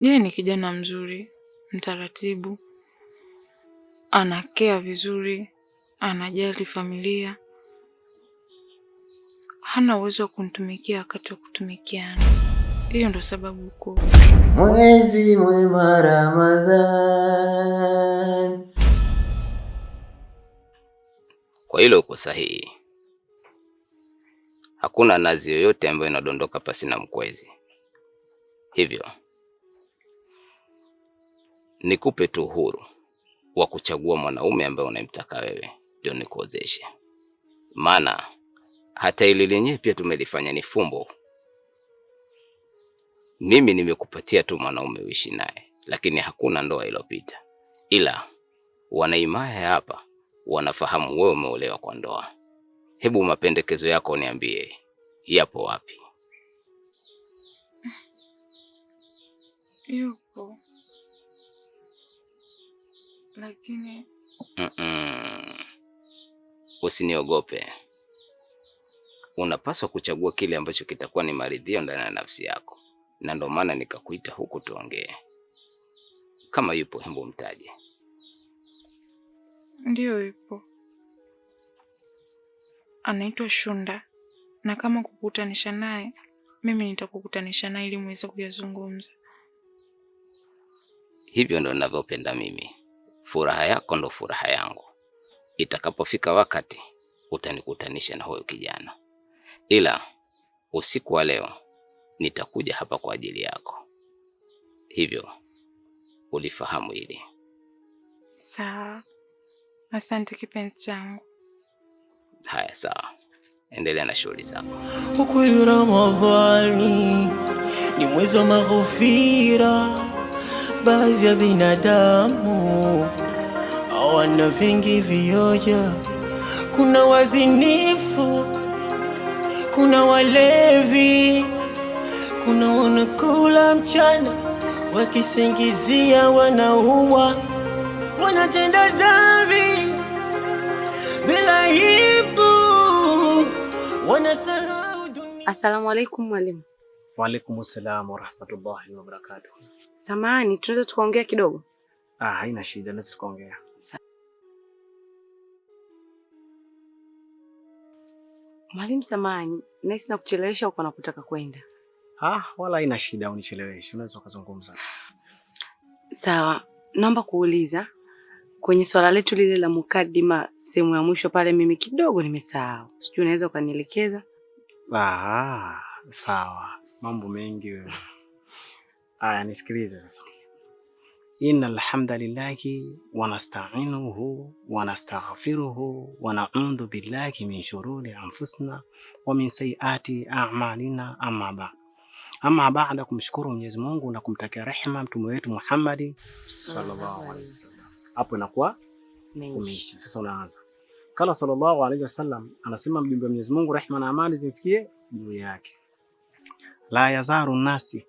Yeye ni kijana mzuri, mtaratibu, anakea vizuri, anajali familia, hana uwezo wa kunitumikia wakati wa kutumikiana. Hiyo ndo sababu kuu. Mwezi mwema Ramadhani. Kwa hilo uko sahihi. Hakuna nazi yoyote ambayo inadondoka pasi na mkwezi, hivyo nikupe tu uhuru wa kuchagua mwanaume ambaye unamtaka wewe, ndio nikuozeshe. Maana hata ili lenyewe pia tumelifanya ni fumbo. Mimi nimekupatia tu mwanaume uishi naye, lakini hakuna ndoa iliyopita, ila wanaimaya hapa wanafahamu wewe umeolewa kwa ndoa. Hebu mapendekezo yako niambie, yapo wapi? Yo. lakini mm -mm. Usiniogope, unapaswa kuchagua kile ambacho kitakuwa ni maridhio ndani ya nafsi yako, na ndio maana nikakuita huku tuongee. Kama yupo, hembo mtaje. Ndiyo, yupo, anaitwa Shunda, na kama kukutanisha naye mimi nitakukutanisha naye ili muweze kuyazungumza. Hivyo ndo ninavyopenda mimi. Furaha yako ndo furaha yangu. Itakapofika wakati utanikutanisha na huyo kijana, ila usiku wa leo nitakuja hapa kwa ajili yako, hivyo ulifahamu hili sawa? Asante kipenzi changu. Haya, sawa, endelea na shughuli zako. Ukweli, Ramadhani ni mwezi wa maghfira Baadhi ya binadamu hawana vingi vioja, kuna wazinifu, kuna walevi, kuna wanakula mchana wakisingizia wanaua, wanatenda dhambi bila ibu, wanasahau dunia. Asalamu alaikum mwalimu. Wa alaykum wa rahmatullahi wa Samani, tunaweza tukaongea kidogo? Ah, haina shida, naweza tukaongea. Mwalimu, samani, nahisi nakuchelewesha na nakutaka kwenda. Ah, wala haina shida, unicheleweshe, unaweza ukazungumza. Sawa, naomba kuuliza kwenye swala letu lile la mukadima sehemu ya mwisho pale, mimi kidogo nimesahau, sijui unaweza ukanielekeza? Ah, sawa, mambo mengi wewe. Aya, nisikilize sasa. Inna alhamdulillahi nastaghfiruhu wa na'udhu billahi min shururi anfusina wa min sayyiati a'malina amma ba'd. Amma ba'd, kumshukuru Mwenyezi Mungu na kumtakia rehema mtume wetu Muhammad sallallahu alaihi wasallam. Hapo inakuwa umeisha. Sasa unaanza. Kala sallallahu alaihi wasallam anasema mjumbe wa Mwenyezi Mungu rehema na amani zimfikie juu yake. La yazaru nasi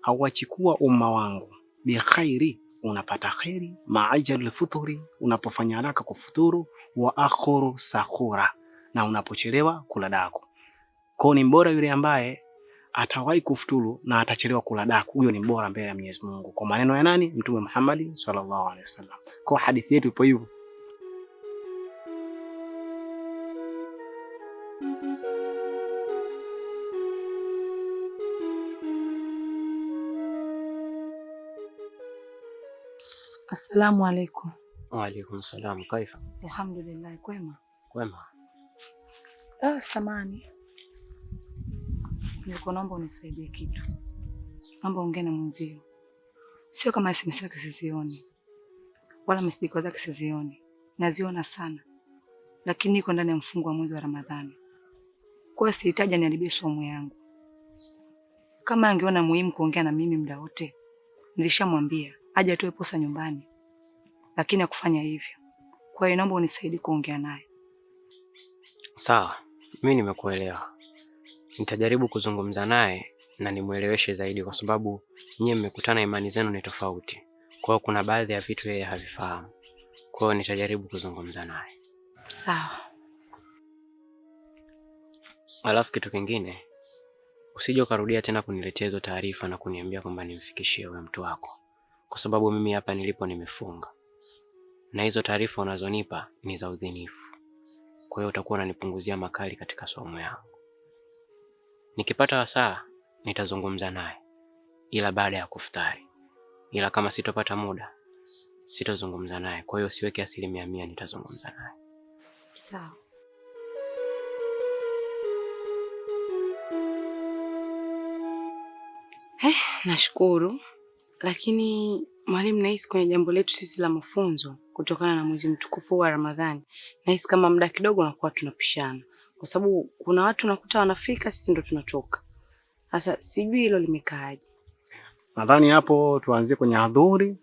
hauachikua umma wangu bikhairi, unapata kheri. Maajal futuri, unapofanya haraka kufuturu. Wa akhuru sahura, na unapochelewa kula daku. Kwao ni mbora yule ambaye atawahi kufuturu na atachelewa kula daku, huyo ni mbora mbele ya Mwenyezi Mungu, kwa maneno ya nani? Mtume Muhammad sallallahu alaihi wasallam. Kwa hadithi yetu ipo hivyo. Assalamu alaikum. Waalaikum salam. Kaifa? Alhamdulillah, kwema. Kwema. Ah, samani, niko naomba unisaidie kitu, naomba ongea na mwenzio. Sio kama SMS zake sizioni wala msidiko zake sizioni, naziona sana, lakini niko ndani ya mfungo wa mwezi wa Ramadhani, kwa hiyo sihitaji aniharibie somo yangu. Kama angeona muhimu kuongea na mimi muda wote, nilishamwambia aje atoe posa nyumbani, lakini hakufanya hivyo. Kwa hiyo naomba unisaidie kuongea naye. Sawa, mimi nimekuelewa. Nitajaribu kuzungumza naye na nimweleweshe zaidi, kwa sababu nyie mmekutana, imani zenu ni tofauti. Kwa hiyo kuna baadhi ya vitu yeye havifahamu, kwa hiyo nitajaribu kuzungumza naye. Sawa. Alafu kitu kingine, usije ukarudia tena kuniletea hizo taarifa na kuniambia kwamba nimfikishie huyo mtu wako kwa sababu mimi hapa nilipo nimefunga, na hizo taarifa unazonipa ni za udhinifu. Kwa hiyo utakuwa unanipunguzia makali katika somo yangu. Nikipata wasaa nitazungumza naye, ila baada ya kufutari. Ila kama sitopata muda sitozungumza naye. Kwa hiyo siweke asilimia mia, nitazungumza naye sawa. Hey, eh, nashukuru lakini mwalimu, nahisi kwenye jambo letu sisi la mafunzo kutokana na mwezi mtukufu wa Ramadhani, nahisi kama muda kidogo nakuwa tunapishana, kwa sababu kuna watu nakuta wanafika, sisi ndo tunatoka. Sasa sijui hilo limekaaje. Nadhani hapo tuanzie kwenye adhuri,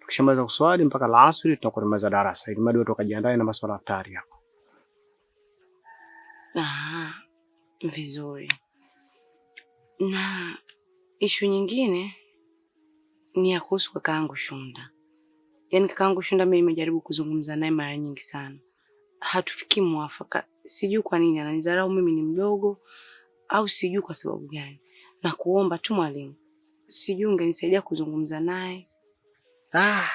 tukishamaliza kuswali mpaka alasiri tutakuwa tumemaliza darasa, ili mradi watu wakajiandae na masuala ya iftari hapo. Aha, vizuri. Na ishu nyingine ni ya kuhusu kakaangu Shunda. Yaani kakaangu Shunda mimi nimejaribu kuzungumza naye mara nyingi sana, hatufiki mwafaka. Sijui kwa nini ananidharau mimi ni mdogo, au sijui kwa sababu gani. Na kuomba tu mwalimu, sijui ungenisaidia kuzungumza naye. Ah,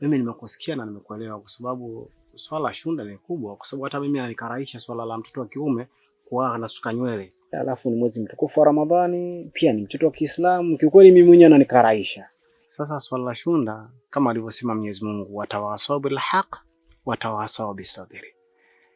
mimi nimekusikia na nimekuelewa, kwa sababu swala Shunda ni kubwa, kwa sababu hata mimi ananikarahisha swala la mtoto wa kiume kuwa anasuka nywele alafu ni mwezi mtukufu wa Ramadhani, pia ni mtoto wa Kiislamu. Kiukweli mimi mwenyewe ananikaraisha. Sasa swala la shunda kama alivyosema Mwenyezi Mungu, watawasau bil haq watawasau bisabiri,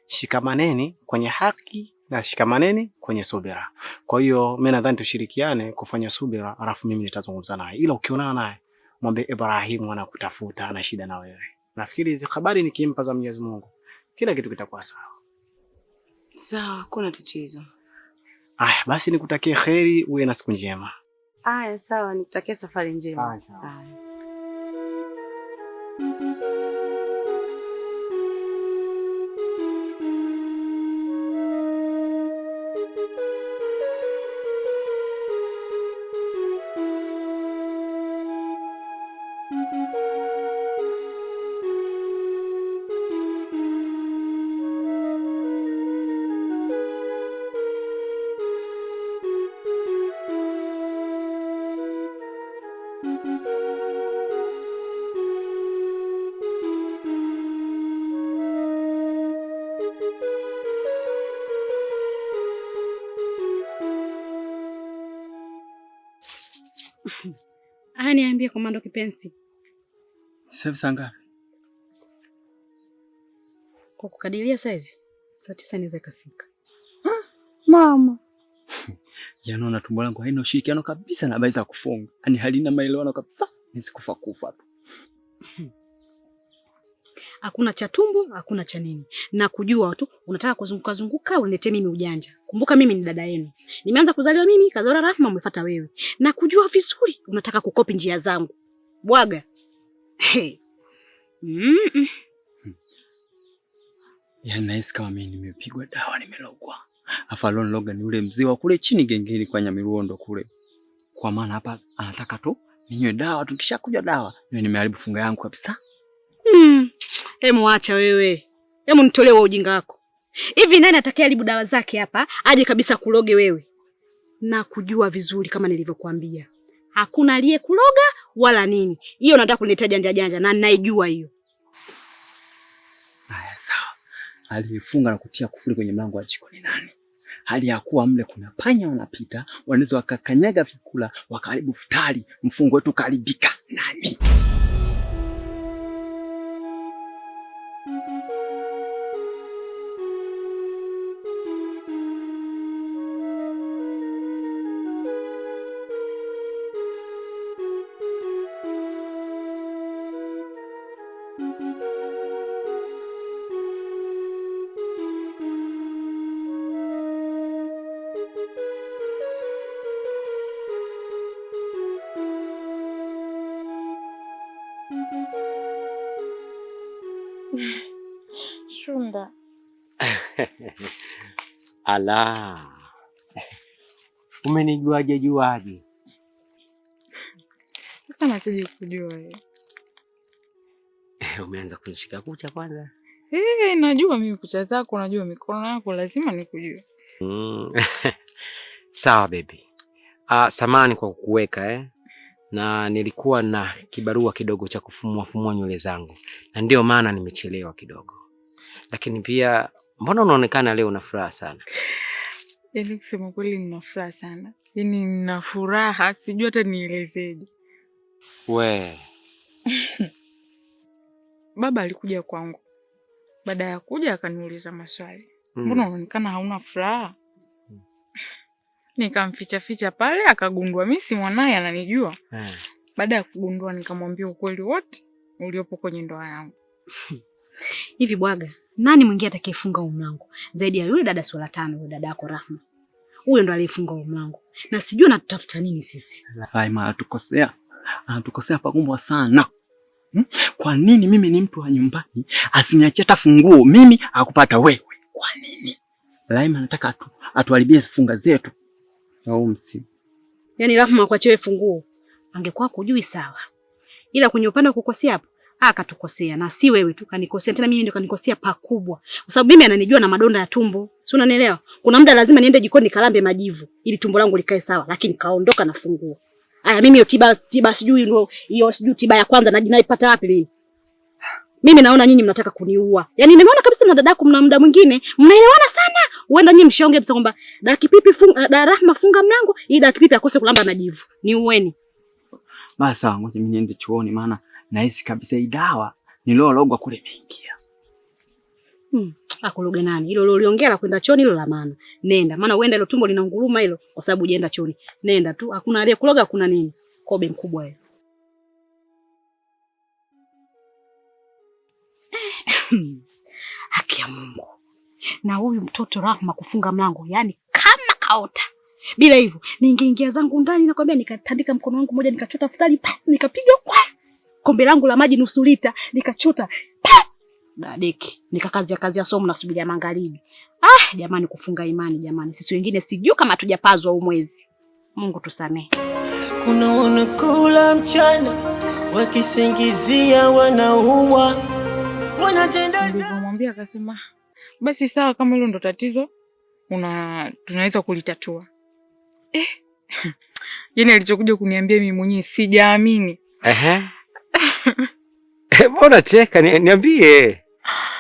shikamaneni kwenye haki na shikamaneni kwenye subira. Kwa hiyo mimi nadhani tushirikiane kufanya subira, alafu mimi nitazungumza naye, ila ukionana naye mwambie Ibrahimu anakutafuta, ana shida na wewe. Nafikiri hizi habari nikimpa za Mwenyezi Mungu, kila kitu kitakuwa sawa sawa, kuna tatizo Aya, basi nikutakie kheri, uwe na siku njema. Aya, sawa, nikutakie safari njema. Aya. Aya. Aya, niambie Komando kipenzi. Sasa saa ngapi? Kwa kukadiria saizi saa tisa inaweza ikafika. Mama yanaona tumbo langu haina ushirikiano kabisa na habari za kufunga, yaani halina maelewano kabisa, nisikufa kufa tu hakuna cha tumbo, hakuna cha nini, na kujua tu unataka kuzunguka zunguka, uniletee mimi ujanja. Kumbuka mimi ni dada yenu, nimeanza kuzaliwa mimi, kazaliwa Rahma, umefuata wewe, na kujua vizuri unataka kukopi njia zangu, bwaga. Hey. Mm -mm. Yani nahisi kama mimi nimepigwa dawa, nimelogwa. Afalon loga ni ule mzee wa kule chini gengeni kwa Nyamirondo kule, kwa maana hapa anataka tu ninywe dawa, tukishakunywa dawa niwe nimeharibu funga yangu kabisa. Mm. Hemu acha wewe, hemu nitolee wa ujinga wako. Hivi nani atakayeharibu dawa zake hapa aje kabisa kuloge wewe? Na kujua vizuri kama nilivyokuambia, hakuna aliyekuloga wala nini. Hiyo nataka kuniletea janja janja, na naijua hiyo. Haya, sawa. Alifunga na kutia kufuli kwenye mlango wa jiko ni nani? hali ya kuwa mle kuna panya wanapita, wanaweza wakakanyaga vyakula, wakaharibu futari, mfungo wetu ukaharibika. Nani? Ala, umenijuaje juaje? Sasa nataka kujua wewe. Eh, umeanza kunishika kucha kwanza? Hey, eh, najua mimi kucha zako, najua mikono yako, lazima nikujue. Mm. Sawa baby. Ah, samani kwa kukuweka eh. Na nilikuwa na kibarua kidogo cha kufumua fumua nywele zangu na ndio maana nimechelewa kidogo, lakini pia mbona unaonekana leo una furaha sana? Yani kusema kweli nina furaha sana, yani nina furaha sijui hata nielezeje. We baba alikuja kwangu, baada ya kuja akaniuliza maswali, mm. mbona mm. unaonekana hauna furaha nikamficha mm. nikamfichaficha pale, akagundua mi si mwanaye, ananijua eh. Baada ya kugundua, nikamwambia ukweli wote uliopo kwenye ndoa yangu. Hivi bwaga nani mwingine atakayefunga huo mlango zaidi ya yule dada swala tano, yule dada yako Rahma? Huyo ndo aliyefunga huo mlango, na sijui anatutafuta nini sisi. Hai, mara anatukosea pakumbwa sana hmm? Kwa nini mimi ni mtu wa nyumbani asiniachie hata funguo mimi akupata wewe? Kwa nini Laima anataka tu atuharibie funga zetu au msi? Yaani Rahma akuachie funguo angekuwa kujui sawa, ila kwenye upande wa kukosea hapo akatukosea na si wewe tu kanikosea, tena mimi ndio kanikosea pakubwa, kwa sababu mimi ananijua na madonda ya tumbo, si unanielewa? Kuna muda lazima niende jikoni nikalambe majivu ili tumbo langu likae sawa, lakini kaondoka na funguo. Aya, mimi tiba tiba sijui ndio hiyo, sijui tiba ya kwanza na naipata wapi mimi? Mimi naona nyinyi mnataka kuniua. Yaani nimeona kabisa na dadaku, mna muda mwingine mnaelewana sana. Huenda nyinyi mshaongea bisa kwamba da kipipi funga eh, da Rahma funga mlango ili da kipipi akose kulamba majivu. Niueni. Basi sawa, ngoja mimi niende chuoni maana nahisi kabisa hii dawa nilologwa kule imeingia. Hmm. Akuloge ah, nani? Hilo uliongea la kwenda choni hilo la maana. Nenda, maana uenda hilo tumbo linaunguruma hilo kwa sababu ujaenda choni. Nenda tu, hakuna aliye aliyekuloga kuna nini? Kobe mkubwa wewe. Haki ya Mungu. Na huyu mtoto Rahma kufunga mlango, yani kama kaota. Bila hivyo, ningeingia zangu ndani nakwambia nikatandika mkono wangu mmoja nikachota futari nikapiga kwa kombe langu la maji nusu lita nikachota dadeki nikakazia kazia somo subiria magharibi. Ah, jamani kufunga imani jamani, sisi wengine sijui kama tujapazwa huu mwezi. Mungu tusamehe. Kuna wanakula mchana wakisingizia wanaua wanatenda. Nikamwambia akasema basi sawa, kama hilo ndo tatizo una tunaweza kulitatua eh. Yaani alichokuja kuniambia mimi mwenyewe sijaamini. Ehe. Mbona cheka? Niambie.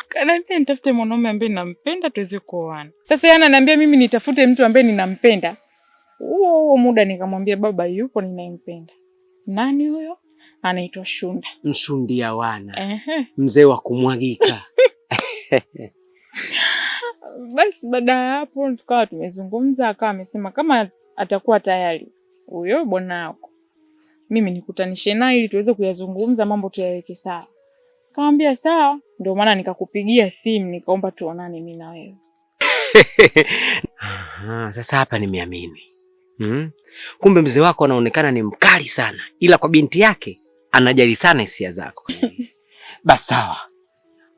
Kanaambia nitafute mwanaume ambaye nampenda tuweze kuoana. Sasa yana ananiambia mimi nitafute mtu ambaye ninampenda. Huo huo muda nikamwambia baba yupo ninayempenda. Nani huyo? Anaitwa Shunda. Mshundi ya wana. Mzee wa kumwagika. Basi baada ya hapo tukawa tumezungumza, akawa amesema kama atakuwa tayari huyo bwanako mimi nikutanishe naye ili tuweze kuyazungumza mambo tuyaweke sawa. Kaambia sawa, ndio maana nikakupigia simu nikaomba tuonane mimi na wewe. Aha, sasa hapa nimeamini. Hmm? Kumbe mzee wako anaonekana ni mkali sana, ila kwa binti yake anajali sana hisia zako. Basi sawa,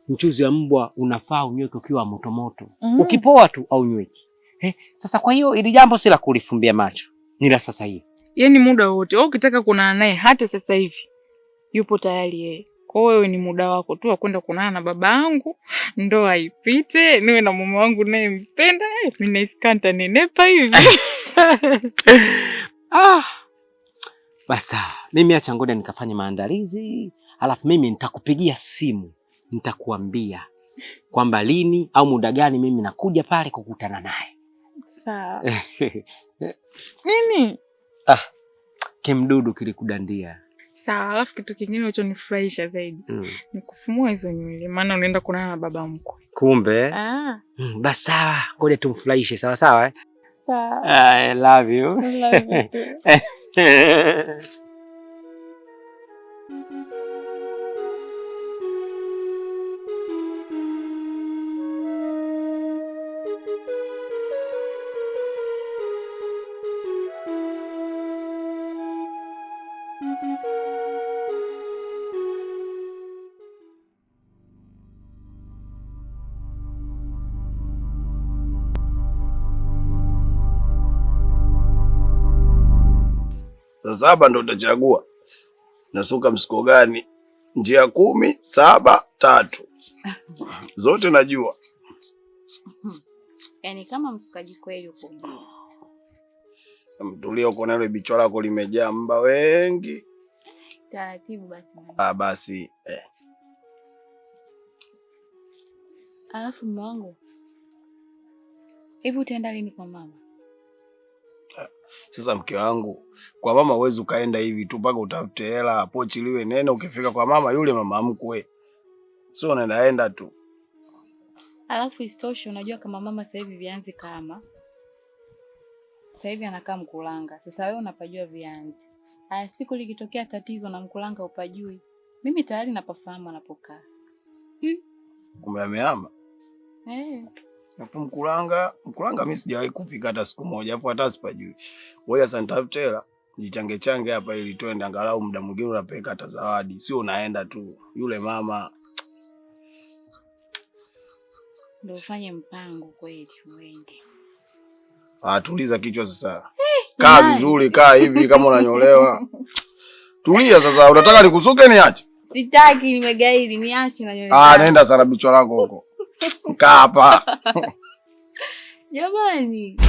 mchuzi wa mbwa unafaa unyweke ukiwa motomoto. mm -hmm. Ukipoa tu au nyweki. Eh, sasa kwa hiyo ili jambo si la kulifumbia macho, ni la sasa hivi yani muda wote wewe ukitaka kunana naye hata sasa hivi yupo tayari yeye. Kwa hiyo wewe ni muda wako tu wa kwenda kunana na baba yangu, ndoa ipite, niwe na mume wangu naye mpenda, mimi naiskanta nenepa hivi. Ah. Basa, mimi acha ngoja nikafanye maandalizi, alafu mimi nitakupigia simu, nitakuambia kwamba lini au muda gani mimi nakuja pale kukutana naye. Sawa. Nini? Ah, kimdudu kilikudandia. Sawa, alafu kitu kingine kilichonifurahisha zaidi mm. ni kufumua hizo nywele, maana unaenda kunana na baba mkwe. Kumbe ah. Mm, basi sawa, ngoja tumfurahishe. Sawa sawa eh? Sawa. I love you. I love you too. za saba ndo utachagua nasuka msuko gani, njia kumi, saba, tatu, zote najua. Yani kama msukaji kweli uko mtulia, uko nalo bichwa lako limejaa mba wengi. Taratibu basi. Ah, basi eh. Alafu mwangu, hebu utaenda lini kwa mama? Sasa mke wangu, kwa mama huwezi ukaenda hivi tu mpaka utafute hela, pochi liwe nene. Ukifika kwa mama yule mama mkwe, sio unaendaenda tu. Alafu istoshi, unajua kama mama sasa hivi vianzi kama sasa hivi anakaa Mkulanga. Sasa wewe unapajua vianzi haya, siku likitokea tatizo na Mkulanga upajui, mimi tayari napafahamu anapokaa. hmm. Kumbe Eh. hey. Afu Mkulanga, Mkulanga mimi sijawahi kufika hata siku moja, afu hata sipajui. Ngoja santafute hela jichange change hapa ili twende, angalau muda mwingine unapeleka hata zawadi, sio unaenda tu yule mama. Ndio ufanye mpango kweli uende. Ah, tuliza kichwa sasa. Eh, kaa vizuri, kaa hivi kama unanyolewa. Tulia sasa, unataka nikusuke niache? Sitaki, nimegairi niache na nyolewa. Ah, nenda sana bichwa lako huko kapa hapa jamani.